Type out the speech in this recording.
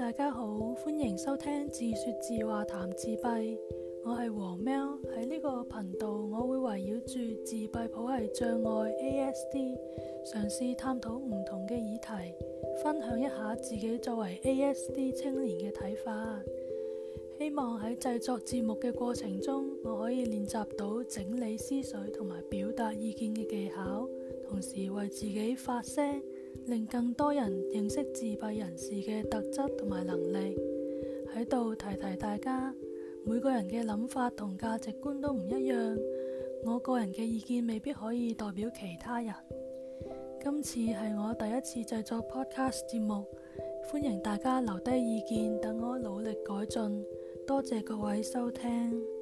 大家好，歡迎收聽自說自話談自閉。我係黃喵，喺呢個頻道，我會圍繞住自閉譜系障礙 （ASD） 嘗試探討唔同嘅議題，分享一下自己作為 ASD 青年嘅睇法。希望喺製作節目嘅過程中，我可以練習到整理思緒同埋表達意見嘅技巧，同時為自己發聲。令更多人認識自閉人士嘅特質同埋能力。喺度提提大家，每個人嘅諗法同價值觀都唔一樣，我個人嘅意見未必可以代表其他人。今次係我第一次製作 Podcast 節目，歡迎大家留低意見，等我努力改進。多謝各位收聽。